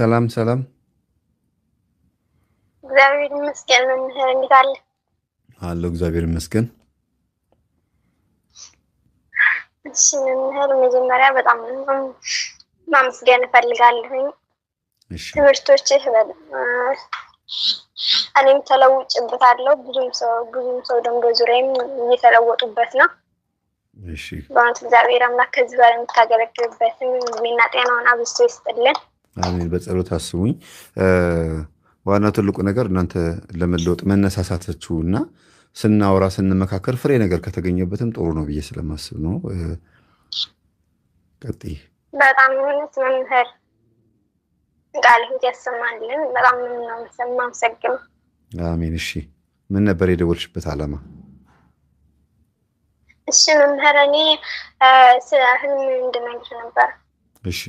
ሰላም ሰላም። እግዚአብሔር ይመስገን። መምህር እንዴት አለ? አለሁ እግዚአብሔር ይመስገን። እሺ መምህር፣ መጀመሪያ በጣም ማመስገን እፈልጋለሁኝ። ትምህርቶችህ እኔም ተለውጭበታለሁ። ብዙም ሰው ብዙም ሰው ደግሞ በዙሪያም እየተለወጡበት ነው። በእውነት እግዚአብሔር አምላክ ከዚህ በላይ የምታገለግልበትን እድሜና ጤናውን አብዝቶ ይስጥልን። አሜን። በጸሎት አስቡኝ። ዋና ትልቁ ነገር እናንተ ለመለወጥ መነሳሳታችሁ እና ስናወራ ስንመካከር ፍሬ ነገር ከተገኘበትም ጥሩ ነው ብዬ ስለማስብ ነው። ቀጥይ። በጣም የሆነት መምህር ቃል ህት ያሰማልን። በጣም ማመሰግን። አሜን። እሺ፣ ምን ነበር የደወልሽበት አላማ? እሺ መምህር፣ እኔ ስለ ህልም እንድነግር ነበር። እሺ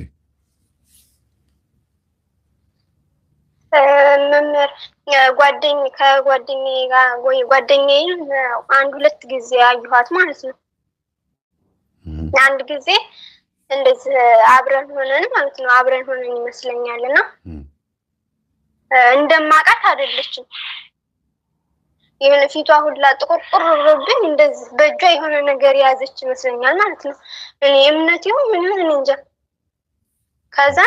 መምህር ጓደኝ ከጓደኛ ጋር ጓደኛዬን አንድ ሁለት ጊዜ አየኋት ማለት ነው። አንድ ጊዜ እንደዚህ አብረን ሆነን ማለት ነው አብረን ሆነን ይመስለኛል እና እንደማውቃት አይደለችም። የሆነ ፊቷ ሁላ ጥቁር ቁር እንደዚህ በእጇ የሆነ ነገር የያዘች ይመስለኛል ማለት ነው። እኔ እምነት ይሁን ምን እንጃ ከዛ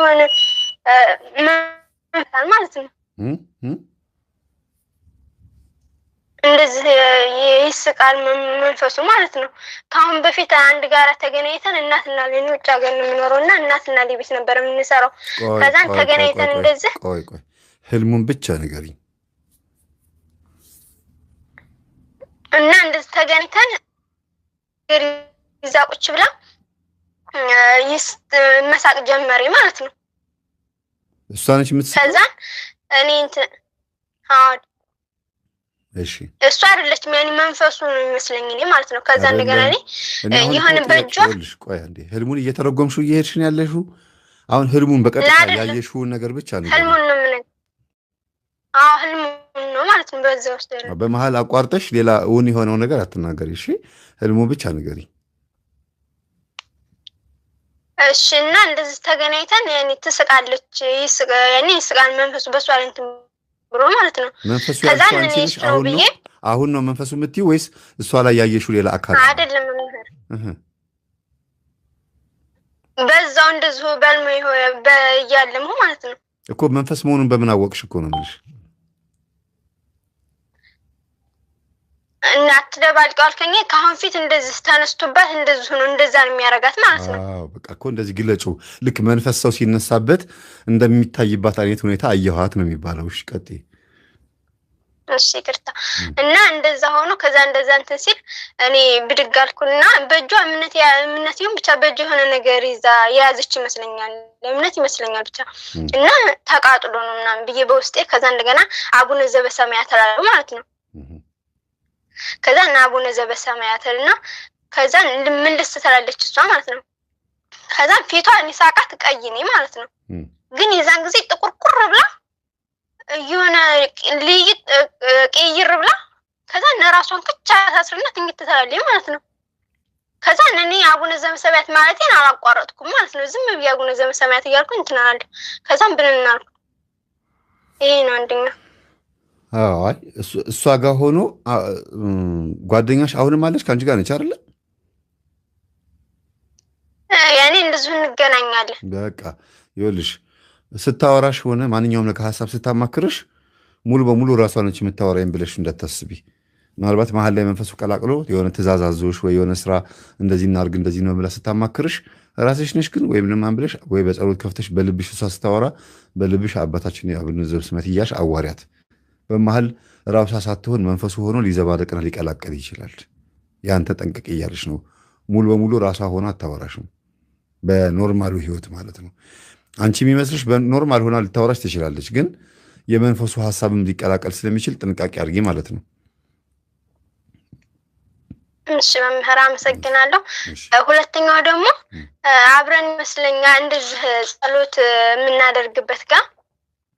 የሆነ ማለት ነው እንደዚህ ይስቃል መንፈሱ ማለት ነው። ከአሁን በፊት አንድ ጋር ተገናኝተን እናትና ልጅ ውጭ ሀገር ነው የምኖረው እና እናትና ሊቤት ነበር የምንሰራው። ከዛን ተገናኝተን እንደዚህ ቆይ ቆይ ህልሙን ብቻ ንገሪኝ እና እንደዚህ ተገናኝተን ይዛ ቁጭ ብላ መሳቅ ጀመሪ ማለት ነው። እሷ ነች የምትስቅ። ከዛ እኔ እንትን አዎ እሺ እሱ አይደለችም። ያኔ መንፈሱ ነው የሚመስለኝ እኔ ማለት ነው። ከዛ እንደገና እኔ የሆነ በእጇ ህልሙን እየተረጎምሽው እየሄድሽ ነው ያለሽው። አሁን ህልሙን በቀጥታ ያየሽውን ነገር ብቻ ነው ህልሙን ነው ምን? አዎ ህልሙን ነው ማለት ነው። በዛ ውስጥ በመሀል አቋርጠሽ ሌላ እውን የሆነው ነገር አትናገሪ። እሺ ህልሙን ብቻ ንገሪ። እሺ እና እንደዚህ ተገናኝተን ያኔ ትስቃለች፣ ያኔ ይስቃል መንፈሱ በሷ ላይ እንትን ብሎ ማለት ነው። መንፈሱ ያልሽ ነው ብዬ አሁን ነው መንፈሱ የምትይው ወይስ እሷ ላይ ያየሽው ሌላ አካል አይደለም? መምህር በዛው እንደዚሁ በልሞ ይሆ እያለምሁ ማለት ነው እኮ መንፈስ መሆኑን በምን አወቅሽ እኮ ነው የምልሽ እናት አትደባልቀው አልከኝ። ከአሁን ፊት እንደዚህ ተነስቶባት እንደዚህ ሆኖ እንደዛ ነው የሚያረጋት ማለት ነው። በቃ እኮ እንደዚህ ግለጩ። ልክ መንፈስ ሰው ሲነሳበት እንደሚታይባት አይነት ሁኔታ አየኋት ነው የሚባለው። እሺ ቀጥይ። እሺ ይቅርታ። እና እንደዛ ሆኖ ከዛ እንደዛ እንትን ሲል እኔ ብድግ አልኩና በእጇ እምነት እምነት ይሁን ብቻ በእጇ የሆነ ነገር ይዛ የያዘች ይመስለኛል፣ እምነት ይመስለኛል ብቻ እና ተቃጥሎ ነው ምናምን ብዬ በውስጤ ከዛ እንደገና አቡነ ዘበሰማያት አላሉ ማለት ነው ከዛ እና አቡነ ዘበሰማያትን እና ከዛ ምልስ ትላለች እሷ ማለት ነው። ከዛ ፊቷ እኔ ቀይ ነኝ ማለት ነው። ግን የዛን ጊዜ ቁር ብላ የሆነ ልይት ቅይር ብላ ከዛ እነ ራሷን ክቻ ታስርና ትኝት ትላለች ማለት ነው። ከዛ እኔ አቡነ ዘበሰማያት ማለቴን አላቋረጥኩም ማለት ነው። ዝም ብዬ አቡነ ዘበሰማያት እያልኩ እንትናላለ ከዛም ብንናልኩ ይሄ ነው አንደኛ አይ እሷ ጋር ሆኖ ጓደኛሽ አሁንም አለች ከአንቺ ጋር ነች አይደለ? ያኔ እንደዚሁ እንገናኛለን። በቃ ይኸውልሽ ስታወራሽ ሆነ ማንኛውም ነገር ሀሳብ ስታማክርሽ ሙሉ በሙሉ ራሷ ነች የምታወራኝ ብለሽ እንዳታስቢ። ምናልባት መሀል ላይ መንፈሱ ቀላቅሎ የሆነ ትእዛዝ አዞሽ ወይ የሆነ ስራ እንደዚህ እናርግ እንደዚህ ነው ብላ ስታማክርሽ ራስሽ ነሽ ግን ወይም ልማን ብለሽ ወይ በጸሎት ከፍተሽ በልብሽ እሷ ስታወራ በልብሽ አባታችን የአቡነ ስመት እያልሽ አዋሪያት። በመሀል ራሷ ሳትሆን መንፈሱ ሆኖ ሊዘባረቅና ሊቀላቀል ይችላል። ያንተ ጠንቀቅ እያለች ነው። ሙሉ በሙሉ ራሷ ሆና አታወራሽም። በኖርማሉ ህይወት ማለት ነው። አንቺ የሚመስልሽ በኖርማል ሆና ልታወራሽ ትችላለች፣ ግን የመንፈሱ ሀሳብም ሊቀላቀል ስለሚችል ጥንቃቄ አድርጊ ማለት ነው። እሺ መምህር አመሰግናለሁ። ሁለተኛው ደግሞ አብረን ይመስለኛ እንደዚህ ጸሎት የምናደርግበት ጋር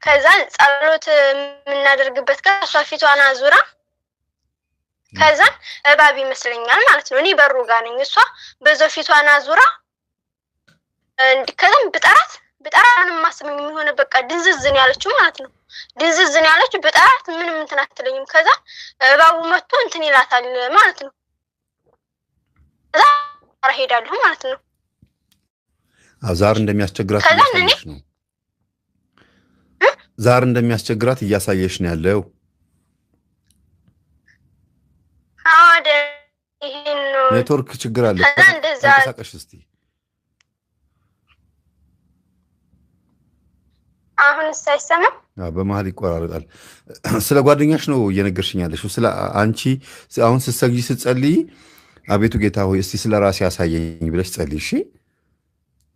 ከዛ ጸሎት የምናደርግበት ጋር እሷ ፊቷን አዙራ ከዛን እባብ ይመስለኛል ማለት ነው። እኔ በሩ ጋር ነኝ፣ እሷ በዛው ፊቷን አዙራ ከዛም ብጠራት ብጠራት ምንም ማስበኝ የሚሆነ በቃ ድንዝዝን ያለችው ማለት ነው። ድንዝዝን ያለችው ብጠራት ምንም እንትን አትለኝም። ከዛ እባቡ መጥቶ እንትን ይላታል ማለት ነው። ከዛ ሄዳለሁ ማለት ነው። አዛር እንደሚያስቸግራት ነው። ዛር እንደሚያስቸግራት እያሳየሽ ነው ያለው። ኔትወርክ ችግር አለ። ተንቀሳቀሽ እስቲ። አሁን ሳይሰማ በመሀል ይቆራረጣል። ስለ ጓደኛሽ ነው እየነገርሽኝ ያለሽው። ስለ አንቺ አሁን ስትሰግጂ ስትጸልይ አቤቱ ጌታ ሆይ እስቲ ስለ ራሴ ያሳየኝ ብለሽ ጸልይ። እሺ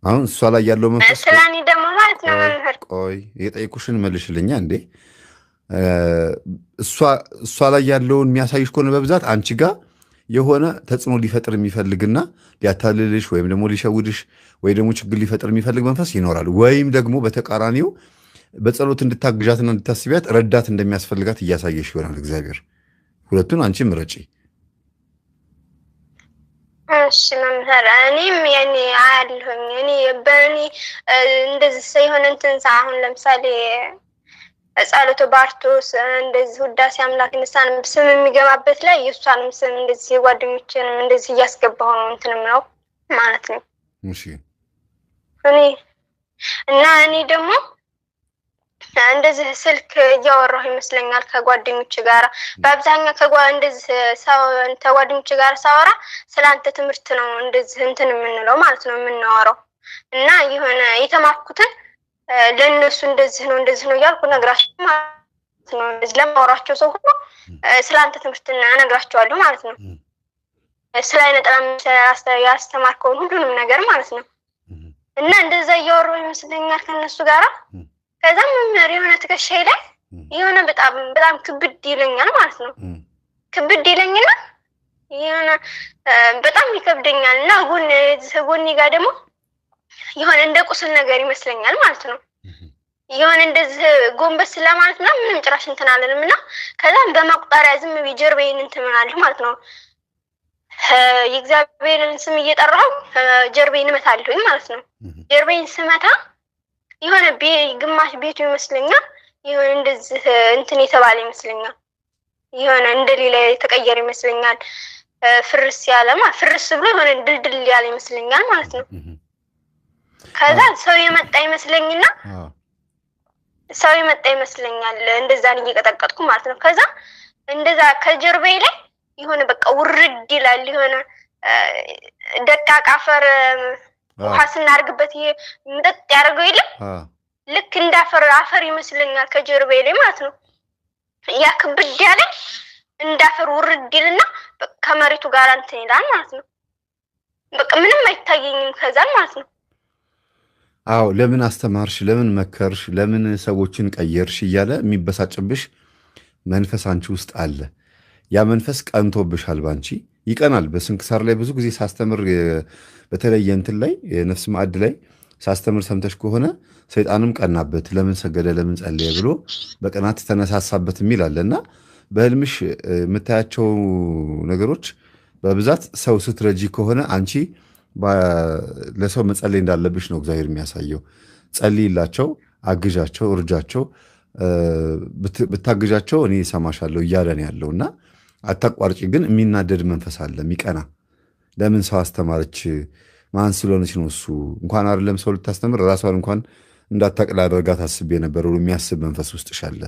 አሁን እሷ ላይ ያለው መንፈስ ስለኔ ደግሞ ማለት ነው ቆይ የጠየኩሽን መልሽልኛ እንዴ። እሷ ላይ ያለውን የሚያሳይሽ ከሆነ በብዛት አንቺ ጋር የሆነ ተጽዕኖ ሊፈጥር የሚፈልግና ሊያታልልሽ ወይም ደግሞ ሊሸውድሽ ወይ ደግሞ ችግር ሊፈጥር የሚፈልግ መንፈስ ይኖራል። ወይም ደግሞ በተቃራኒው በጸሎት እንድታግዣትና እንድታስቢያት ረዳት እንደሚያስፈልጋት እያሳየሽ ይሆናል እግዚአብሔር። ሁለቱን አንቺ ምረጪ። እሺ መምህር፣ እኔም ያኔ አያለሁኝ እኔ በእኔ እንደዚህ የሆነ እንትን አሁን ለምሳሌ ጸሎተ ባርቶስ እንደዚህ ውዳሴ አምላክ ንሳን ስም የሚገባበት ላይ የእሷንም ስም እንደዚህ ጓደኞችንም እንደዚህ እያስገባሁ ነው እንትንም ነው ማለት ነው እኔ እና እኔ ደግሞ እንደዚህ ስልክ እያወራሁ ይመስለኛል ከጓደኞች ጋራ። በአብዛኛው እንደዚህ ከጓደኞች ጋር ሳወራ ስለ አንተ ትምህርት ነው እንደዚህ እንትን የምንለው ማለት ነው የምናወራው እና የሆነ የተማርኩትን ለእነሱ እንደዚህ ነው እንደዚህ ነው እያልኩ ነግራቸው ማለት ነው። እንደዚህ ለማወራቸው ሰው ሁሉ ስለ አንተ ትምህርት እነግራቸዋለሁ ማለት ነው። ስለ ነጠላ ያስተማርከውን ሁሉንም ነገር ማለት ነው እና እንደዛ እያወራሁ ይመስለኛል ከእነሱ ጋራ ከዛም መምህር የሆነ ትከሻዬ ላይ የሆነ በጣም በጣም ክብድ ይለኛል ማለት ነው። ክብድ ይለኝና የሆነ በጣም ይከብደኛል እና ጎኔ ጋር ደግሞ የሆነ እንደ ቁስል ነገር ይመስለኛል ማለት ነው። የሆነ እንደዚህ ጎንበስ ለማለት ና ምንም ጭራሽ እንትን አለንም እና ከዛም በመቁጠሪያ ዝም ብዬ ጀርባዬን እንትን ማለት ነው። የእግዚአብሔርን ስም እየጠራሁ ጀርባዬን እመታለሁኝ ማለት ነው። ጀርባዬን ስመታ የሆነ ግማሽ ቤቱ ይመስለኛል የሆነ እንደዚህ እንትን የተባለ ይመስለኛል። የሆነ እንደሌላ የተቀየረ ይመስለኛል። ፍርስ ያለማ ፍርስ ብሎ የሆነ ድልድል ያለ ይመስለኛል ማለት ነው። ከዛ ሰው የመጣ ይመስለኝና ሰው የመጣ ይመስለኛል እንደዛን እየቀጠቀጥኩ ማለት ነው። ከዛ እንደዛ ከጀርባዬ ላይ የሆነ በቃ ውርድ ይላል የሆነ ደቃቅ አፈር ውሃ ስናደርግበት ይሄ ምጠጥ ያደርገው የለም ልክ እንዳፈር አፈር ይመስለኛል ከጀርባ ላይ ማለት ነው። ያ ክብድ ያለ እንዳፈር ውርድ ይልና ከመሬቱ ጋር እንትን ይላል ማለት ነው። በቃ ምንም አይታየኝም ከዛን ማለት ነው። አዎ ለምን አስተማርሽ፣ ለምን መከርሽ፣ ለምን ሰዎችን ቀየርሽ እያለ የሚበሳጭብሽ መንፈስ አንቺ ውስጥ አለ። ያ መንፈስ ቀንቶብሻል ባንቺ ይቀናል። በስንክሳር ላይ ብዙ ጊዜ ሳስተምር በተለይ እንትን ላይ ነፍስ ማዕድ ላይ ሳስተምር ሰምተሽ ከሆነ ሰይጣንም ቀናበት፣ ለምን ሰገደ፣ ለምን ጸለየ ብሎ በቅናት ተነሳሳበት የሚል አለ እና በህልምሽ የምታያቸው ነገሮች በብዛት ሰው ስትረጂ ከሆነ አንቺ ለሰው መጸለይ እንዳለብሽ ነው እግዚአብሔር የሚያሳየው። ጸልይላቸው፣ አግዣቸው፣ እርጃቸው፣ ብታግዣቸው እኔ እሰማሻለሁ እያለን ያለው እና አታቋርጭ። ግን የሚናደድ መንፈስ አለ፣ የሚቀና ለምን ሰው አስተማረች ማን ስለሆነች ነው እሱ እንኳን አይደለም ሰው ልታስተምር ራሷን እንኳን እንዳታቅል አደርጋ ታስብ የነበረ የሚያስብ መንፈስ ውስጥ ሻለ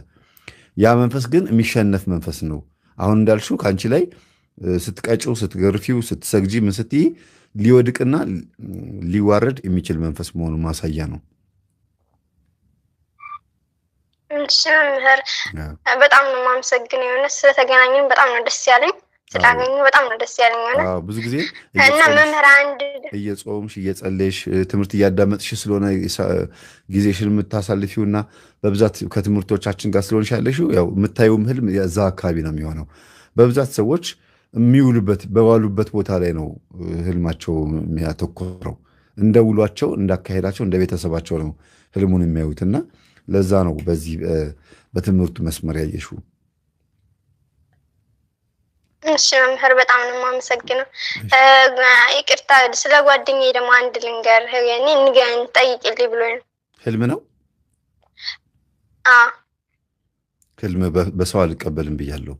ያ መንፈስ ግን የሚሸነፍ መንፈስ ነው። አሁን እንዳልሽው ከአንቺ ላይ ስትቀጭው፣ ስትገርፊው፣ ስትሰግጂ ምን ሊወድቅና ሊዋረድ የሚችል መንፈስ መሆኑ ማሳያ ነው። አንቺንም ምህር በጣም ነው ማመሰግን የሆነ ስለተገናኘን በጣም ነው ደስ ያለኝ፣ ስላገኙ በጣም ነው ደስ ያለኝ። የሆነ ብዙ ጊዜ እና መምህር አንድ እየጾምሽ እየጸለይሽ ትምህርት እያዳመጥሽ ስለሆነ ጊዜሽን የምታሳልፊው እና በብዛት ከትምህርቶቻችን ጋር ስለሆንሽ ያለሽው ያው የምታየውም ህልም እዛ አካባቢ ነው የሚሆነው። በብዛት ሰዎች የሚውሉበት በባሉበት ቦታ ላይ ነው ህልማቸው የሚያተኮረው። እንደ ውሏቸው፣ እንዳካሄዳቸው፣ እንደ ቤተሰባቸው ነው ህልሙን የሚያዩት እና ለዛ ነው በዚህ በትምህርቱ መስመር ያየሹ። እሺ መምህር፣ በጣም ነው የማመሰግነው። ይቅርታ፣ ስለ ጓደኛዬ ደግሞ አንድ ልንገር። እኔ ንገረኝ፣ ጠይቅልኝ ብሎ ነው። ህልም ነው ህልም። በሰው አልቀበልም ብያለሁ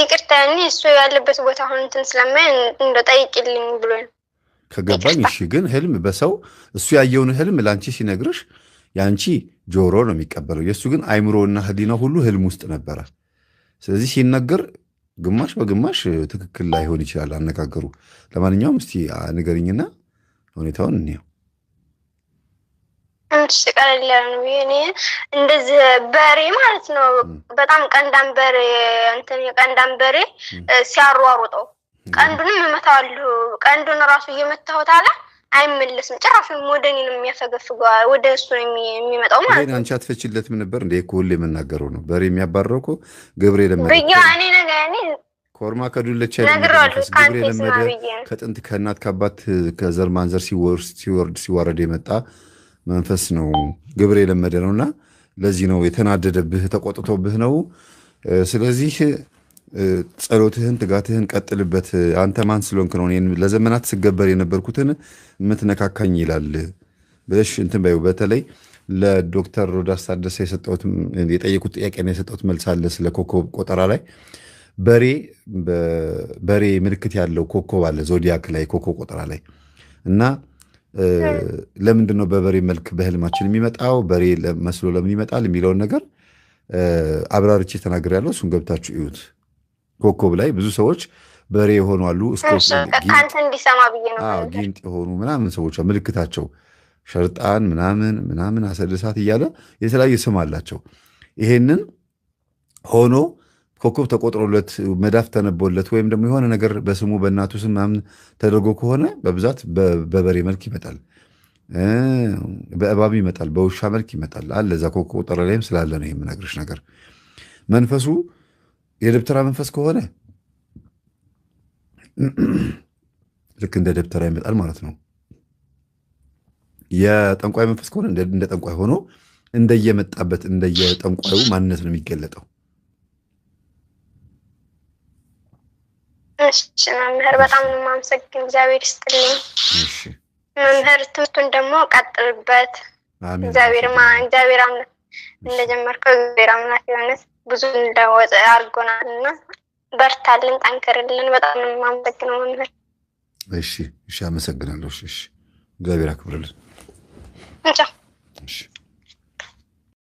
ይቅርታ፣ እኔ እሱ ያለበት ቦታ አሁን እንትን ስለማይ እንደ ጠይቅልኝ ብሎ ነው ከገባኝ እሺ። ግን ህልም በሰው እሱ ያየውን ህልም ለአንቺ ሲነግርሽ የአንቺ ጆሮ ነው የሚቀበለው። የእሱ ግን አይምሮና ህሊናው ሁሉ ህልም ውስጥ ነበረ። ስለዚህ ሲነገር ግማሽ በግማሽ ትክክል ላይሆን ይችላል አነጋገሩ። ለማንኛውም እስቲ ንገርኝና ሁኔታውን እንየው። ነው። እንደዚህ በሬ ማለት ነው በጣም ቀንዳም በሬ እንትን በሬ ሲያሯሩጠው ቀንዱንም እመታዋለሁ። ቀንዱን ራሱ እየመታሁት አለ አይመለስም። ጭራሹን ወደ እኔ ነው የሚያፈገፍገው፣ ወደ እሱ የሚመጣው ማለት ነው። አንቺ አትፈችለትም ነበር እንደ ሁሌ የምናገረው ነው። በሬ የሚያባረው እኮ ገብሬ ለመደ እኔ ነገ ኮርማ ከዱለቻ ገብሬ ለመደ ከጥንት ከእናት ከአባት ከዘር ማንዘር ሲወርድ ሲዋረድ የመጣ መንፈስ ነው። ገብሬ የለመደ ነው እና ለዚህ ነው የተናደደብህ፣ ተቆጥቶብህ ነው። ስለዚህ ጸሎትህን ትጋትህን ቀጥልበት። አንተ ማን ስለሆንክ ነው ለዘመናት ስገበር የነበርኩትን የምትነካካኝ ይላል ብለሽ እንትን በይው። በተለይ ለዶክተር ሮዳስ ታደሰ የጠየቁት ጥያቄ ነው የሰጠሁት መልስ አለ ስለ ኮከብ ቆጠራ ላይ በሬ በሬ ምልክት ያለው ኮከብ አለ ዞዲያክ ላይ ኮከብ ቆጠራ ላይ እና ለምንድን ነው በበሬ መልክ በህልማችን የሚመጣው በሬ መስሎ ለምን ይመጣል የሚለውን ነገር አብራርቼ ተናግሬያለሁ። እሱን ገብታችሁ እዩት። ኮከብ ላይ ብዙ ሰዎች በሬ የሆኑ አሉ። ጊንጥ የሆኑ ምናምን ሰዎች ምልክታቸው ሸርጣን ምናምን ምናምን አሰደሳት እያለ የተለያየ ስም አላቸው። ይሄንን ሆኖ ኮከብ ተቆጥሮለት መዳፍ ተነቦለት ወይም ደግሞ የሆነ ነገር በስሙ በእናቱ ስም ምናምን ተደርጎ ከሆነ በብዛት በበሬ መልክ ይመጣል፣ በእባብ ይመጣል፣ በውሻ መልክ ይመጣል አለ። እዛ ኮከብ ቆጠራ ላይም ስላለ ነው የምነግርሽ ነገር መንፈሱ የደብተራ መንፈስ ከሆነ ልክ እንደ ደብተራ ይመጣል ማለት ነው። የጠንቋይ መንፈስ ከሆነ እንደ ጠንቋይ ሆኖ እንደየመጣበት እንደየጠንቋዩ ማንነት ነው የሚገለጠው። እሺ መምህር፣ በጣም ነው የማመሰግን። እግዚአብሔር ይስጥልኝ መምህር። ትምህርቱን ደግሞ ቀጥልበት። እግዚአብሔር አምላክ እንደጀመርከው እግዚአብሔር አምላክ የሆነት ብዙ እንደወጠ አድርጎናል እና በርታልን፣ ጠንክርልን። በጣም የማመሰግነው መምህር። እሺ፣ እሺ፣ አመሰግናለሁ። እሺ፣ እግዚአብሔር አክብርልን።